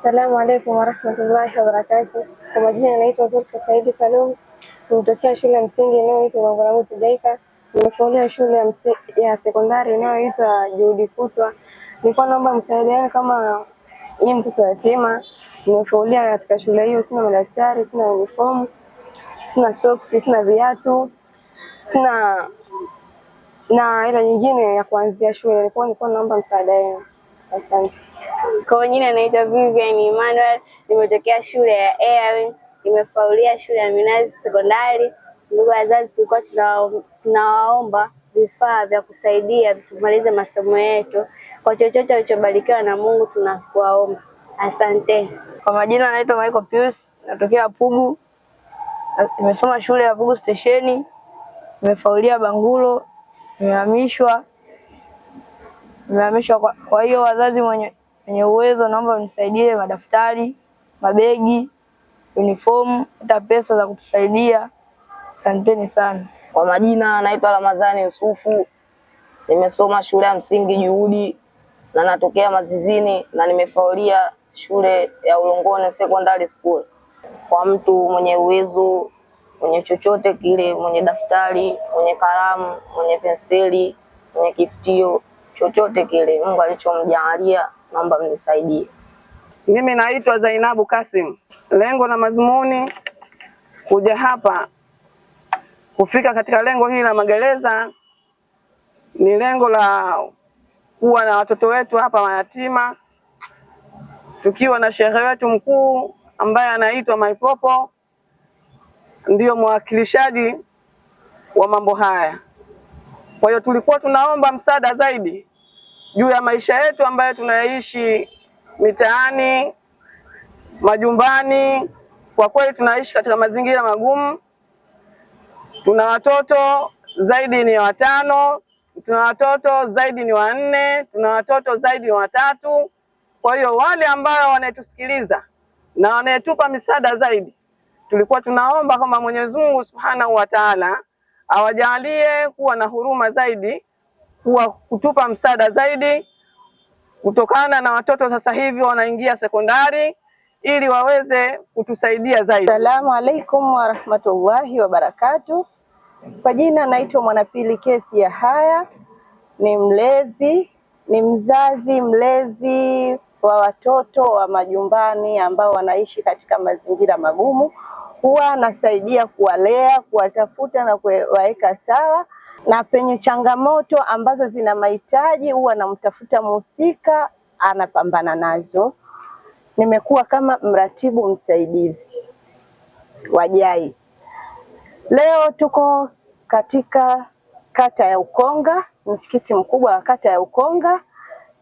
Assalamu alaikum warahmatullahi wabarakatuh. Kwa majina naitwa Zulfa Saidi Salum, nimetokea shule ya msingi inayoitwa Gongo Tujaika. Nimefaulia shule ya sekondari inayoitwa Juhudi Kutwa. Nilikuwa naomba yenu kama ni mtoto yatima. Nimefaulia katika shule hiyo, sina madaftari, sina uniform, sina socks, sina viatu, sina na ila nyingine ya kuanzia shule. Nilikuwa naomba msaada wenu. Asante. Kwa wengine anaitwa Vivian Emmanuel, nimetokea shule ya Airwin, nimefaulia shule ya Minazi Sekondari. Ndugu wazazi, tulikuwa tunawaomba vifaa vya kusaidia tumalize masomo yetu. Kwa chochote alichobarikiwa na Mungu tunakuwaomba, asante. Kwa majina anaitwa Michael Pius, natokea Pugu, nimesoma shule ya Pugu Stesheni, nimefaulia Bangulo, nimehamishwa nimehamishwa. Kwa hiyo wazazi wenye wenye uwezo, naomba unisaidie madaftari, mabegi, uniform, hata pesa za kutusaidia. Asanteni sana. Kwa majina naitwa Ramadhani Yusufu, nimesoma shule ya msingi Juhudi na natokea Mazizini na nimefaulia shule ya Ulongoni Secondary School. Kwa mtu mwenye uwezo, mwenye chochote kile, mwenye daftari, mwenye kalamu, mwenye penseli, mwenye kifutio chochote kile Mungu alichomjalia, naomba mnisaidie. Mimi naitwa Zainabu Kasim. Lengo na mazumuni kuja hapa kufika katika lengo hili la magereza ni lengo la kuwa na watoto wetu hapa mayatima, tukiwa na shehe wetu mkuu ambaye anaitwa Maipopo, ndiyo mwakilishaji wa mambo haya. Kwa hiyo tulikuwa tunaomba msaada zaidi juu ya maisha yetu ambayo tunaishi mitaani, majumbani. Kwa kweli tunaishi katika mazingira magumu. Tuna watoto zaidi ni watano, tuna watoto zaidi ni wanne, tuna watoto zaidi ni watatu. Kwa hiyo wale ambao wanayetusikiliza na wanayetupa misaada zaidi, tulikuwa tunaomba kwamba Mwenyezi Mungu Subhanahu wa Ta'ala awajalie kuwa na huruma zaidi kuwa kutupa msaada zaidi, kutokana na watoto sasa hivi wanaingia sekondari ili waweze kutusaidia zaidi. asalamu alaikum warahmatullahi wabarakatu. Kwa jina naitwa Mwanapili Kesi ya Haya, ni mlezi, ni mzazi mlezi wa watoto wa majumbani ambao wanaishi katika mazingira magumu. Huwa nasaidia kuwalea, kuwatafuta na kuwaweka sawa na penye changamoto ambazo zina mahitaji huwa namtafuta mhusika, anapambana nazo. Nimekuwa kama mratibu msaidizi wa JAI. Leo tuko katika kata ya Ukonga, msikiti mkubwa wa kata ya Ukonga.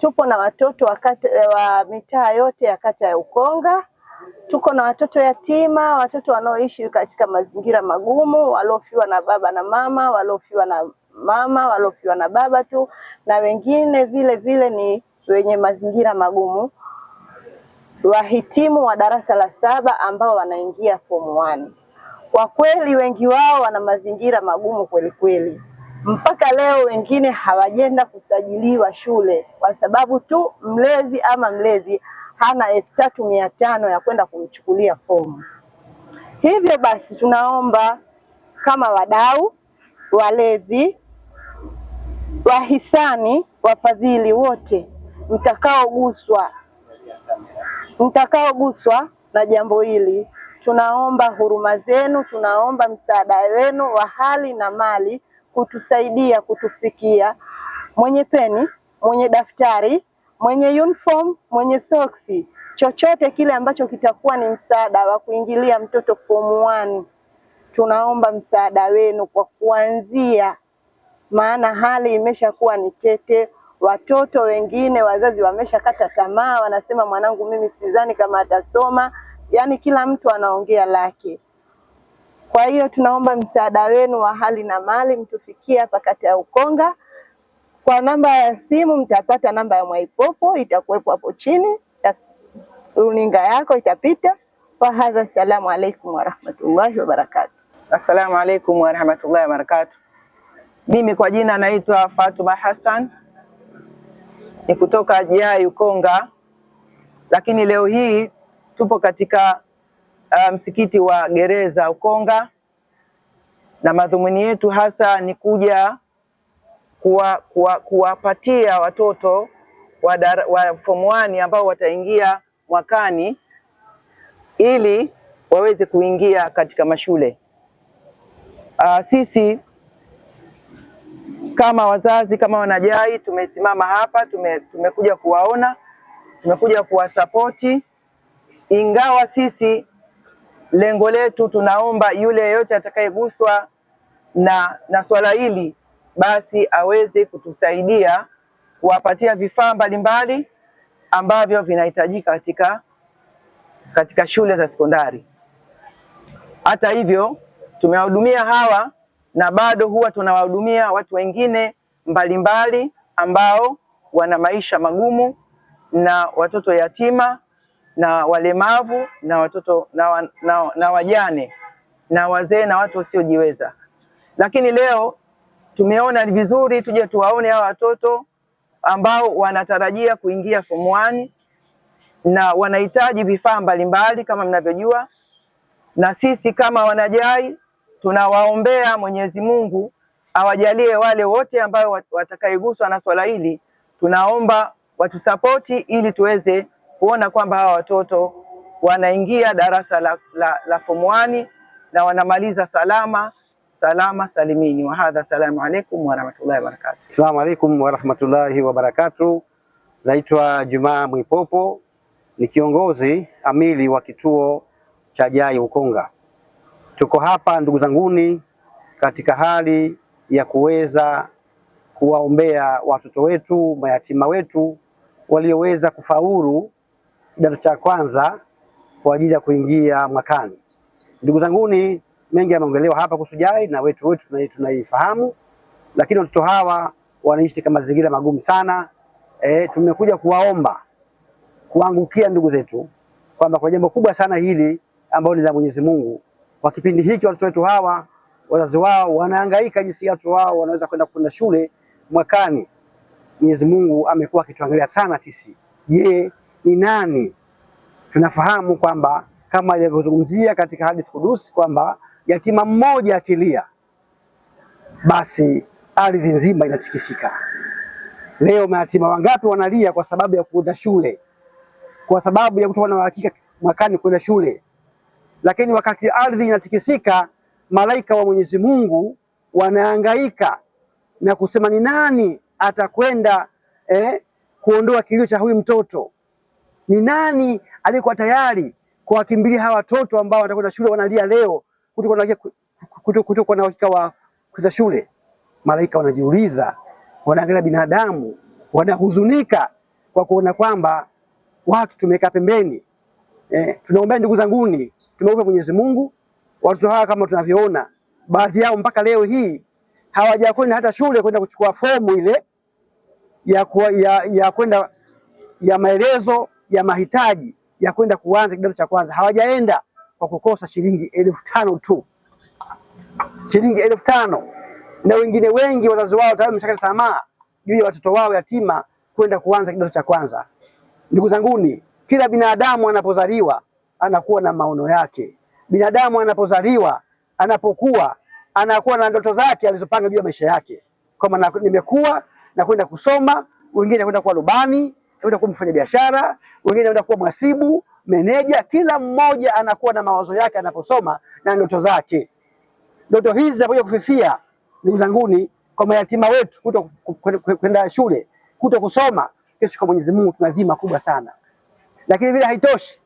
Tupo na watoto wa, kata, wa mitaa yote ya kata ya Ukonga Tuko na watoto yatima, watoto wanaoishi katika mazingira magumu, waliofiwa na baba na mama, waliofiwa na mama, waliofiwa na baba tu, na wengine vile vile ni wenye mazingira magumu, wahitimu wa darasa la saba ambao wanaingia form one. Kwa kweli wengi wao wana mazingira magumu kweli kweli, mpaka leo wengine hawajenda kusajiliwa shule kwa sababu tu mlezi ama mlezi hana elfu tatu mia tano ya kwenda kumchukulia fomu. Hivyo basi tunaomba kama wadau, walezi, wahisani, wafadhili wote mtakaoguswa mtakaoguswa na jambo hili, tunaomba huruma zenu, tunaomba msaada wenu wa hali na mali kutusaidia kutufikia mwenye peni, mwenye daftari mwenye uniform, mwenye soksi, chochote kile ambacho kitakuwa ni msaada wa kuingilia mtoto form one, tunaomba msaada wenu kwa kuanzia, maana hali imeshakuwa ni tete. Watoto wengine wazazi wameshakata tamaa, wanasema mwanangu mimi sidhani kama atasoma. Yaani kila mtu anaongea lake. Kwa hiyo tunaomba msaada wenu wa hali na mali, mtufikie hapa kata ya Ukonga. Kwa namba ya simu mtapata namba ya Mwaipopo itakuwepo hapo chini, runinga yako itapita. Wa assalamu alaikum warahmatullahi wabarakatu. Assalamu alaikum warahmatullahi wabarakatu. Mimi kwa jina naitwa Fatuma Hassan, ni kutoka Jai Ukonga, lakini leo hii tupo katika uh, msikiti wa gereza Ukonga, na madhumuni yetu hasa ni kuja kuwapatia kuwa, kuwa watoto wa, wa form 1 ambao wataingia mwakani ili waweze kuingia katika mashule. Uh, sisi kama wazazi kama wanajai tumesimama hapa tume, tumekuja kuwaona tumekuja kuwasapoti, ingawa sisi lengo letu tunaomba yule yeyote atakayeguswa na, na swala hili basi aweze kutusaidia kuwapatia vifaa mbalimbali ambavyo vinahitajika katika, katika shule za sekondari. Hata hivyo tumewahudumia hawa na bado huwa tunawahudumia watu wengine mbalimbali ambao wana maisha magumu na watoto yatima na walemavu na watoto na, wa, na, na wajane na wazee na watu wasiojiweza. Lakini leo tumeona ni vizuri tuje tuwaone hawa watoto ambao wanatarajia kuingia form 1 na wanahitaji vifaa mbalimbali kama mnavyojua, na sisi kama wanajai tunawaombea Mwenyezi Mungu awajalie wale wote ambao watakayeguswa na swala hili, tunaomba watusapoti ili tuweze kuona kwamba hawa watoto wanaingia darasa la, la, la form 1 na wanamaliza salama salama salimini wa hadha. Salamu alaykum wa rahmatullahi wa barakatuh. Asalamu alaykum wa rahmatullahi wa barakatuh. Naitwa Jumaa Mwipopo, ni kiongozi amili wa kituo cha JAI Ukonga. Tuko hapa ndugu zanguni, katika hali ya kuweza kuwaombea watoto wetu mayatima wetu walioweza kufaulu kidato cha kwanza kwa ajili ya kuingia mwakani. Ndugu zanguni, mengi yameongelewa hapa kuhusu JAI na wetu wote tunaifahamu, lakini watoto hawa wanaishi katika mazingira magumu sana. E, tumekuja kuwaomba kuangukia ndugu zetu kwamba kwa jambo kubwa sana hili ambalo ni la Mwenyezi Mungu, kwa kipindi hiki watoto wetu hawa wazazi wao wanahangaika jinsi watoto wao wanaweza kwenda kwenda shule mwakani. Mwenyezi Mungu amekuwa akituangalia sana sisi. Je, ni nani? Tunafahamu kwamba kama ilivyozungumzia katika hadithi kudusi kwamba yatima mmoja akilia, basi ardhi nzima inatikisika. Leo mayatima wangapi wanalia kwa sababu ya kuenda shule, kwa sababu ya kutokuwa na uhakika mwakani kwenda shule. Lakini wakati ardhi inatikisika, malaika wa Mwenyezi Mungu wanaangaika na kusema ni nani atakwenda eh, kuondoa kilio cha huyu mtoto? Ni nani aliyekuwa tayari kuwakimbilia hawa watoto ambao watakwenda shule wanalia leo kutokuwa na uhakika wa kwenda shule. Malaika wanajiuliza, wanaangalia binadamu, wanahuzunika kwa kuona kwamba watu tumekaa pembeni. Eh, tunaombea ndugu zanguni, tumeomba Mwenyezi Mungu watoto hawa kama tunavyoona baadhi yao mpaka leo hii hawajakwenda hata shule kwenda kuchukua fomu ile ya kwenda ya, ya, ya maelezo ya mahitaji ya kwenda kuanza kidato cha kwanza, hawajaenda kwa kukosa shilingi elfu tano tu, shilingi elfu tano na wengine wengi wazazi wao tayari wameshakata tamaa juu ya watoto wao yatima kwenda kuanza kidato cha kwanza. Ndugu zanguni, kila binadamu anapozaliwa anakuwa na maono yake. Binadamu anapozaliwa, anapokuwa, anakuwa na ndoto zake alizopanga juu ya maisha yake, kwamba nimekuwa na kwenda kusoma, wengine kwenda kuwa rubani, kwenda kuwa mfanyabiashara, wengine kwenda kuwa mhasibu meneja, kila mmoja anakuwa na mawazo yake anaposoma na ndoto zake. Ndoto hizi zinapokuja kufifia, ndugu zanguni, kwa mayatima wetu kuto kwenda shule, kuto kusoma, kesho kwa Mwenyezi Mungu tuna dhima kubwa sana. Lakini vile haitoshi,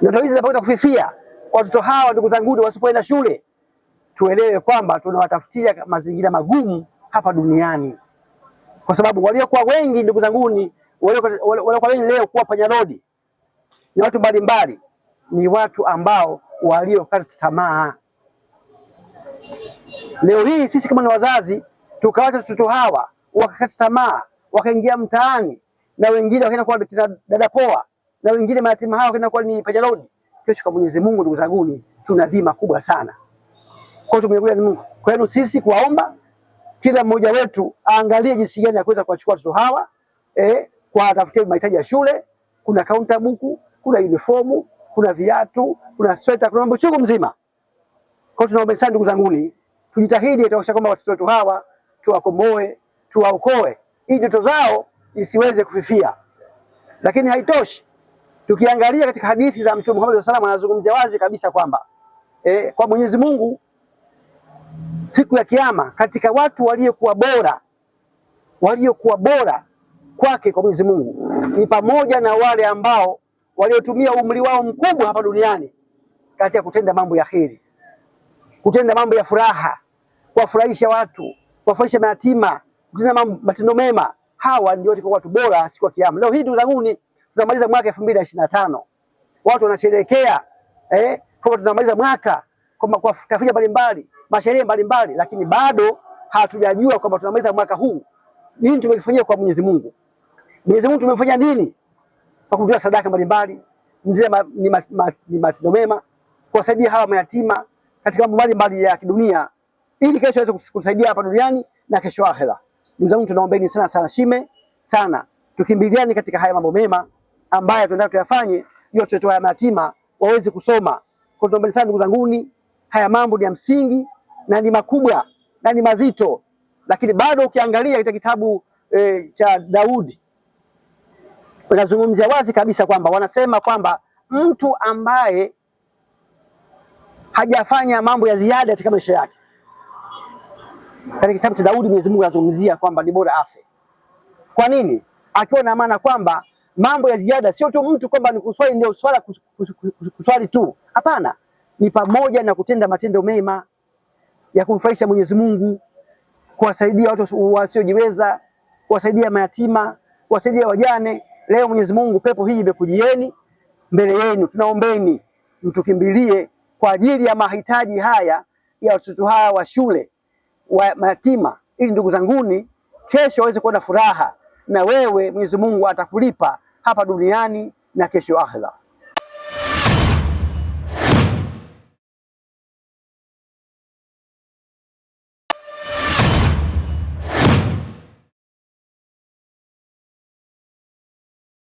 ndoto hizi zinapokuja kufifia kwa watoto hawa, ndugu zanguni, wasipoenda shule, tuelewe kwamba tunawatafutia mazingira magumu hapa duniani, kwa sababu waliokuwa wengi, ndugu zanguni, waliokuwa wengi leo kuwa panya rodi ni watu mbalimbali, ni watu ambao waliokata tamaa. Leo hii sisi kama ni wazazi tukawacha watoto hawa wakakata tamaa, wakaingia mtaani, na wengine wakaenda kuwa kina poa, na wengine mayatima hawa wakaenda kuwa ni paja road. Kesho kwa Mwenyezi Mungu, ndugu zangu, tuna dhima kubwa sana kwa tumekuja ni Mungu. Kwa hiyo sisi kuwaomba kila mmoja wetu aangalie jinsi gani ya kuweza kuwachukua watoto hawa eh, kwa tafutia mahitaji ya shule, kuna kaunta buku kuna uniformu, kuna viatu, kuna sweta, kuna mambo chungu mzima. Kwa hiyo tunaomba sana ndugu zanguni, tujitahidi kuhakikisha kwamba watoto wetu hawa tuwakomboe tuwaokoe ili ndoto zao isiweze kufifia. Lakini haitoshi, tukiangalia katika hadithi za Mtume Muhammad sallallahu alaihi wasallam anazungumzia wazi kabisa kwamba e, kwa Mwenyezi Mungu siku ya Kiyama, katika watu waliokuwa bora waliokuwa bora kwake kwa Mwenyezi Mungu ni pamoja na wale ambao waliotumia umri wao mkubwa hapa duniani katika kutenda mambo ya heri, kutenda mambo ya furaha, kuwafurahisha watu, kuwafurahisha mayatima, kutenda mambo matendo mema. Hawa ndio walikuwa watu bora siku ya Kiyama. Leo hii ndugu zangu, tunamaliza mwaka elfu mbili na ishirini na tano, watu wanasherehekea eh, kwamba tunamaliza mwaka kwa tafrija mbalimbali, masherehe mbalimbali, lakini bado hatujajua kwamba tunamaliza mwaka huu, nini tumekifanyia kwa Mwenyezi Mungu. Mwenyezi Mungu tumemfanyia nini? kwa kutoa sadaka mbalimbali. Mzee ni matendo mema, kuwasaidia hawa mayatima katika mambo mbalimbali ya kidunia, ili kesho aweze kusaidia hapa duniani na kesho akhera. Ndugu zangu, tunaombeni sana sana shime sana, tukimbiliani katika haya mambo mema ambayo tunataka tuyafanye, yote tuwa mayatima waweze kusoma. Kwa tunaombeni sana ndugu zanguni, haya mambo ni ya msingi na ni makubwa na ni mazito, lakini bado ukiangalia katika kitabu e, cha Daudi unazungumzia wazi kabisa kwamba wanasema kwamba mtu ambaye hajafanya mambo ya ziada katika maisha yake, katika kitabu cha Daudi Mwenyezi Mungu anazungumzia kwamba ni bora afe. Kwa nini? Akiwa na maana kwamba mambo ya ziada sio tu mtu kwamba ni kuswali ndio swala kuswali tu, hapana, ni pamoja na kutenda matendo mema ya kumfurahisha Mwenyezi Mungu, kuwasaidia watu wasiojiweza, kuwasaidia mayatima, kuwasaidia wajane Leo Mwenyezi Mungu, pepo hii imekujieni mbele yenu, tunaombeni mtukimbilie kwa ajili ya mahitaji haya ya watoto hawa wa shule wa matima, ili ndugu zanguni, kesho waweze kuwa na furaha, na wewe Mwenyezi Mungu atakulipa hapa duniani na kesho akhera.